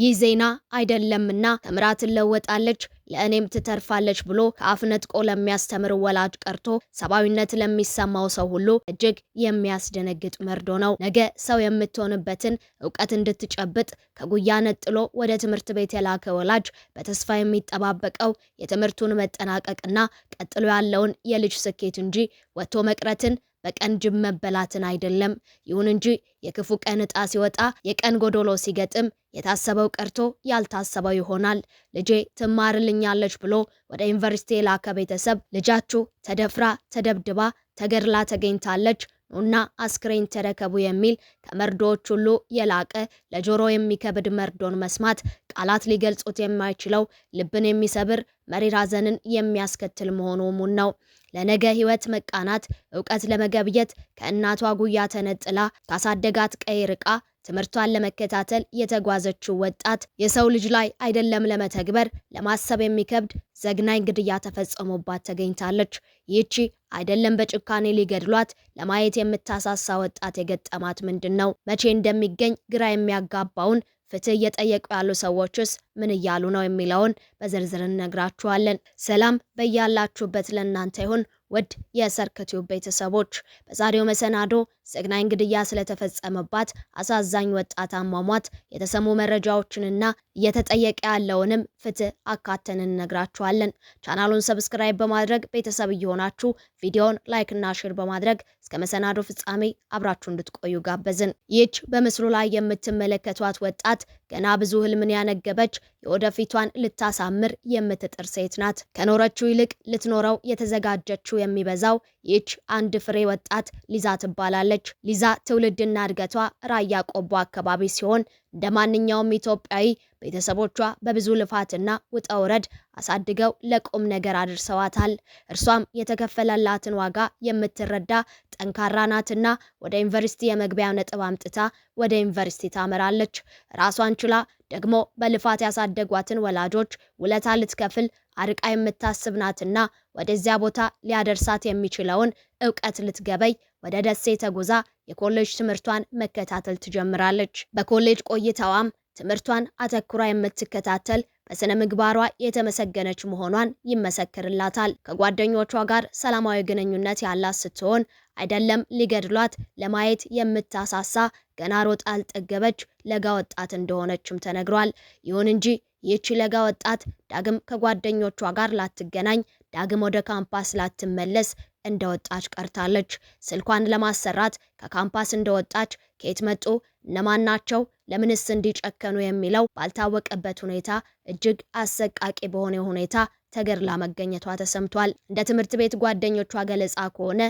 ይህ ዜና አይደለምና ተምራት ትለወጣለች ለእኔም ትተርፋለች ብሎ ከአፍ ነጥቆ ለሚያስተምር ወላጅ ቀርቶ ሰብአዊነት ለሚሰማው ሰው ሁሉ እጅግ የሚያስደነግጥ መርዶ ነው። ነገ ሰው የምትሆንበትን እውቀት እንድትጨብጥ ከጉያ ነጥሎ ወደ ትምህርት ቤት የላከ ወላጅ በተስፋ የሚጠባበቀው የትምህርቱን መጠናቀቅና ቀጥሎ ያለውን የልጅ ስኬት እንጂ ወጥቶ መቅረትን በቀን ጅብ መበላትን አይደለም። ይሁን እንጂ የክፉ ቀን እጣ ሲወጣ፣ የቀን ጎዶሎ ሲገጥም የታሰበው ቀርቶ ያልታሰበው ይሆናል። ልጄ ትማርልኛለች ብሎ ወደ ዩኒቨርሲቲ የላከ ቤተሰብ ልጃችሁ ተደፍራ ተደብድባ ተገድላ ተገኝታለች ኑና አስክሬን ተረከቡ የሚል ከመርዶዎች ሁሉ የላቀ ለጆሮ የሚከብድ መርዶን መስማት ቃላት ሊገልጹት የማይችለው ልብን የሚሰብር መሪር ሐዘንን የሚያስከትል መሆኑ እሙን ነው። ለነገ ህይወት መቃናት እውቀት ለመገብየት ከእናቷ ጉያ ተነጥላ ካሳደጋት ቀይ ርቃ ትምህርቷን ለመከታተል የተጓዘችው ወጣት የሰው ልጅ ላይ አይደለም ለመተግበር ለማሰብ የሚከብድ ዘግናኝ ግድያ ተፈጽሞባት ተገኝታለች። ይህቺ አይደለም በጭካኔ ሊገድሏት ለማየት የምታሳሳ ወጣት የገጠማት ምንድን ነው? መቼ እንደሚገኝ ግራ የሚያጋባውን ፍትህ እየጠየቁ ያሉ ሰዎችስ ምን እያሉ ነው የሚለውን በዝርዝር እነግራችኋለን። ሰላም በያላችሁበት ለእናንተ ይሁን። ውድ የሰርከቲው ቤተሰቦች በዛሬው መሰናዶ ዘግናኝ ግድያ ስለተፈጸመባት አሳዛኝ ወጣት አሟሟት የተሰሙ መረጃዎችንና እየተጠየቀ ያለውንም ፍትህ አካተን እንነግራችኋለን። ቻናሉን ሰብስክራይብ በማድረግ ቤተሰብ እየሆናችሁ ቪዲዮውን ላይክና ሼር በማድረግ እስከ መሰናዶ ፍጻሜ አብራችሁ እንድትቆዩ ጋበዝን። ይህች በምስሉ ላይ የምትመለከቷት ወጣት ገና ብዙ ህልምን ያነገበች የወደፊቷን ልታሳምር የምትጥር ሴት ናት። ከኖረችው ይልቅ ልትኖረው የተዘጋጀችው የሚበዛው ይች አንድ ፍሬ ወጣት ሊዛ ትባላለች። ሊዛ ትውልድና እድገቷ ራያ ቆቦ አካባቢ ሲሆን እንደ ማንኛውም ኢትዮጵያዊ ቤተሰቦቿ በብዙ ልፋትና ውጣ ውረድ አሳድገው ለቁም ነገር አድርሰዋታል። እርሷም የተከፈለላትን ዋጋ የምትረዳ ጠንካራ ናትና ወደ ዩኒቨርሲቲ የመግቢያ ነጥብ አምጥታ ወደ ዩኒቨርሲቲ ታመራለች። ራሷን ችላ ደግሞ በልፋት ያሳደጓትን ወላጆች ውለታ ልትከፍል አርቃ የምታስብ ናትና ወደዚያ ቦታ ሊያደርሳት የሚችለውን እውቀት ልትገበይ ወደ ደሴ ተጉዛ የኮሌጅ ትምህርቷን መከታተል ትጀምራለች። በኮሌጅ ቆይታዋም ትምህርቷን አተኩራ የምትከታተል በስነ ምግባሯ የተመሰገነች መሆኗን ይመሰክርላታል። ከጓደኞቿ ጋር ሰላማዊ ግንኙነት ያላት ስትሆን አይደለም ሊገድሏት ለማየት የምታሳሳ ገና ሮጣ አልጠገበች ለጋ ወጣት እንደሆነችም ተነግሯል። ይሁን እንጂ ይህቺ ለጋ ወጣት ዳግም ከጓደኞቿ ጋር ላትገናኝ፣ ዳግም ወደ ካምፓስ ላትመለስ እንደወጣች ቀርታለች። ስልኳን ለማሰራት ከካምፓስ እንደወጣች ከየት መጡ እነማን ናቸው? ለምንስ እንዲጨከኑ የሚለው ባልታወቀበት ሁኔታ እጅግ አሰቃቂ በሆነ ሁኔታ ተገድላ መገኘቷ ተሰምቷል። እንደ ትምህርት ቤት ጓደኞቿ ገለጻ ከሆነ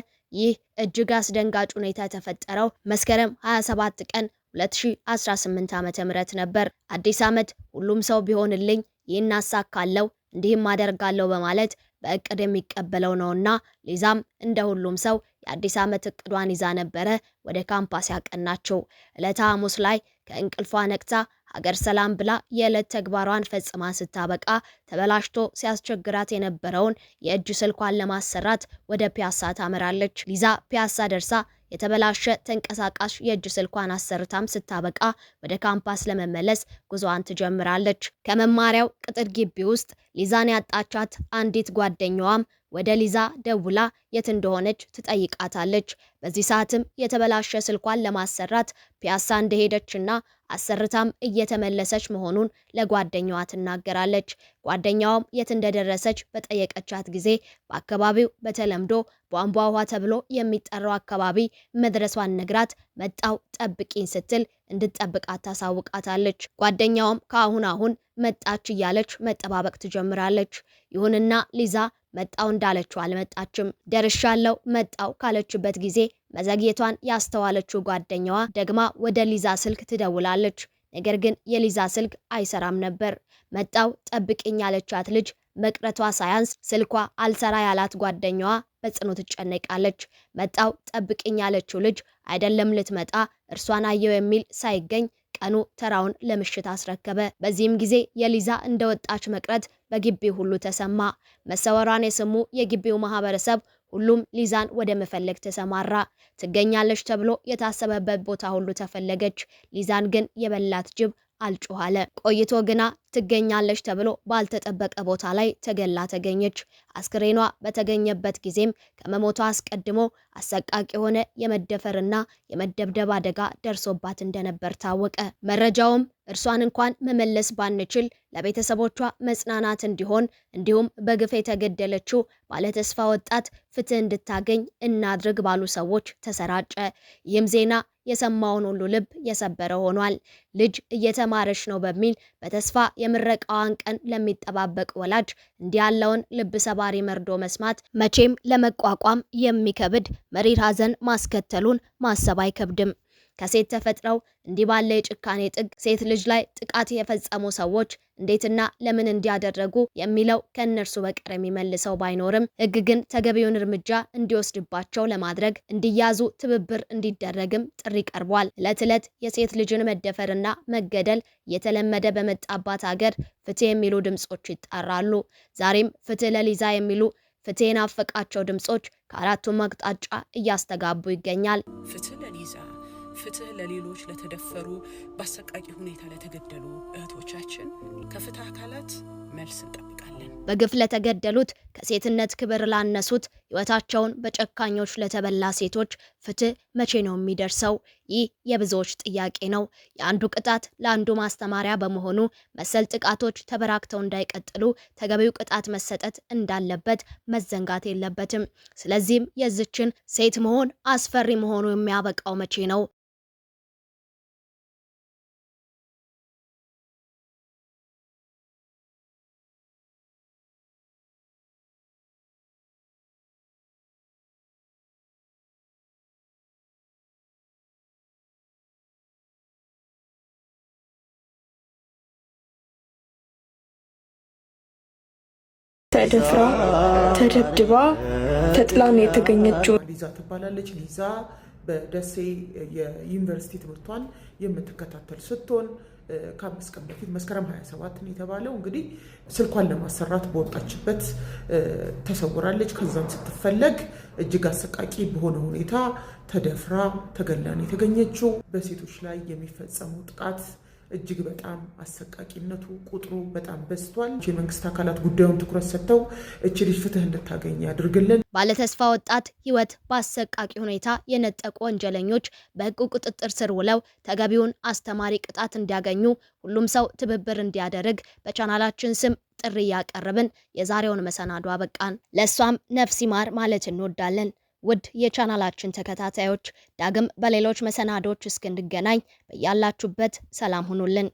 ይህ እጅግ አስደንጋጭ ሁኔታ የተፈጠረው መስከረም 27 ቀን 2018 ዓ.ም ነበር። አዲስ ዓመት ሁሉም ሰው ቢሆንልኝ ይህን አሳካለው እንዲህም አደርጋለሁ በማለት በእቅድ የሚቀበለው ነውና ሊዛም እንደ ሁሉም ሰው የአዲስ ዓመት እቅዷን ይዛ ነበረ ወደ ካምፓስ ያቀናቸው። ዕለተ ሐሙስ ላይ ከእንቅልፏ ነቅታ ሀገር ሰላም ብላ የዕለት ተግባሯን ፈጽማ ስታበቃ ተበላሽቶ ሲያስቸግራት የነበረውን የእጅ ስልኳን ለማሰራት ወደ ፒያሳ ታመራለች። ሊዛ ፒያሳ ደርሳ የተበላሸ ተንቀሳቃሽ የእጅ ስልኳን አሰርታም ስታበቃ ወደ ካምፓስ ለመመለስ ጉዞዋን ትጀምራለች። ከመማሪያው ቅጥር ግቢ ውስጥ ሊዛን ያጣቻት አንዲት ጓደኛዋም ወደ ሊዛ ደውላ የት እንደሆነች ትጠይቃታለች። በዚህ ሰዓትም የተበላሸ ስልኳን ለማሰራት ፒያሳ እንደሄደችና አሰርታም እየተመለሰች መሆኑን ለጓደኛዋ ትናገራለች። ጓደኛዋም የት እንደደረሰች በጠየቀቻት ጊዜ በአካባቢው በተለምዶ ቧንቧ ውሃ ተብሎ የሚጠራው አካባቢ መድረሷን ነግራት መጣው ጠብቂኝ ስትል እንድትጠብቃት ታሳውቃታለች። ጓደኛዋም ከአሁን አሁን መጣች እያለች መጠባበቅ ትጀምራለች። ይሁንና ሊዛ መጣው እንዳለችው አልመጣችም። ደርሻለው መጣው ካለችበት ጊዜ መዘግየቷን ያስተዋለችው ጓደኛዋ ደግማ ወደ ሊዛ ስልክ ትደውላለች። ነገር ግን የሊዛ ስልክ አይሰራም ነበር። መጣው ጠብቅኝ ያለቻት ልጅ መቅረቷ ሳያንስ ስልኳ አልሰራ ያላት ጓደኛዋ በጽኑ ትጨነቃለች። መጣው ጠብቅኝ ያለችው ልጅ አይደለም ልትመጣ እርሷን አየው የሚል ሳይገኝ ቀኑ ተራውን ለምሽት አስረከበ። በዚህም ጊዜ የሊዛ እንደወጣች መቅረት በግቢው ሁሉ ተሰማ። መሰወሯን የሰሙ የግቢው ማህበረሰብ ሁሉም ሊዛን ወደ መፈለግ ተሰማራ። ትገኛለች ተብሎ የታሰበበት ቦታ ሁሉ ተፈለገች። ሊዛን ግን የበላት ጅብ አልጮኋለ ቆይቶ ግና ትገኛለች ተብሎ ባልተጠበቀ ቦታ ላይ ተገላ ተገኘች። አስክሬኗ በተገኘበት ጊዜም ከመሞቷ አስቀድሞ አሰቃቂ የሆነ የመደፈርና የመደብደብ አደጋ ደርሶባት እንደነበር ታወቀ። መረጃውም እርሷን እንኳን መመለስ ባንችል ለቤተሰቦቿ መጽናናት እንዲሆን እንዲሁም በግፍ የተገደለችው ባለተስፋ ወጣት ፍትህ እንድታገኝ እናድርግ ባሉ ሰዎች ተሰራጨ። ይህም ዜና የሰማውን ሁሉ ልብ የሰበረ ሆኗል። ልጅ እየተማረች ነው በሚል በተስፋ የምረቃዋን ቀን ለሚጠባበቅ ወላጅ እንዲህ ያለውን ልብ ሰባሪ መርዶ መስማት መቼም ለመቋቋም የሚከብድ መሪር ሐዘን ማስከተሉን ማሰብ አይከብድም። ከሴት ተፈጥረው እንዲህ ባለ የጭካኔ ጥግ ሴት ልጅ ላይ ጥቃት የፈጸሙ ሰዎች እንዴትና ለምን እንዲያደረጉ የሚለው ከእነርሱ በቀር የሚመልሰው ባይኖርም ሕግ ግን ተገቢውን እርምጃ እንዲወስድባቸው ለማድረግ እንዲያዙ ትብብር እንዲደረግም ጥሪ ቀርቧል። ዕለት ዕለት የሴት ልጅን መደፈርና መገደል እየተለመደ በመጣባት ሀገር ፍትህ የሚሉ ድምጾች ይጣራሉ። ዛሬም ፍትህ ለሊዛ የሚሉ ፍትህ የናፈቃቸው ድምጾች ከአራቱም አቅጣጫ እያስተጋቡ ይገኛል። ፍትህ ለሊዛ ፍትህ ለሌሎች ለተደፈሩ፣ በአሰቃቂ ሁኔታ ለተገደሉ እህቶቻችን ከፍትህ አካላት መልስ እንጠብቃለን። በግፍ ለተገደሉት፣ ከሴትነት ክብር ላነሱት፣ ህይወታቸውን በጨካኞች ለተበላ ሴቶች ፍትህ መቼ ነው የሚደርሰው? ይህ የብዙዎች ጥያቄ ነው። የአንዱ ቅጣት ለአንዱ ማስተማሪያ በመሆኑ መሰል ጥቃቶች ተበራክተው እንዳይቀጥሉ ተገቢው ቅጣት መሰጠት እንዳለበት መዘንጋት የለበትም። ስለዚህም የዝችን ሴት መሆን አስፈሪ መሆኑ የሚያበቃው መቼ ነው? ተደፍራ ተደብድባ ተጥላን የተገኘችው። ሊዛ ትባላለች። ሊዛ በደሴ የዩኒቨርሲቲ ትምህርቷን የምትከታተል ስትሆን ከአምስት ቀን በፊት መስከረም 27 ነው የተባለው እንግዲህ ስልኳን ለማሰራት በወጣችበት ተሰውራለች። ከዛም ስትፈለግ እጅግ አሰቃቂ በሆነ ሁኔታ ተደፍራ ተገላን የተገኘችው። በሴቶች ላይ የሚፈጸመው ጥቃት እጅግ በጣም አሰቃቂነቱ ቁጥሩ በጣም በዝቷል። የመንግስት አካላት ጉዳዩን ትኩረት ሰጥተው እች ልጅ ፍትህ እንድታገኝ ያድርግልን። ባለተስፋ ወጣት ህይወት በአሰቃቂ ሁኔታ የነጠቁ ወንጀለኞች በህጉ ቁጥጥር ስር ውለው ተገቢውን አስተማሪ ቅጣት እንዲያገኙ ሁሉም ሰው ትብብር እንዲያደርግ በቻናላችን ስም ጥሪ እያቀረብን የዛሬውን መሰናዶ አበቃን። ለእሷም ነፍስ ይማር ማለት እንወዳለን። ውድ የቻናላችን ተከታታዮች ዳግም በሌሎች መሰናዶች እስክንገናኝ በያላችሁበት ሰላም ሁኑልን።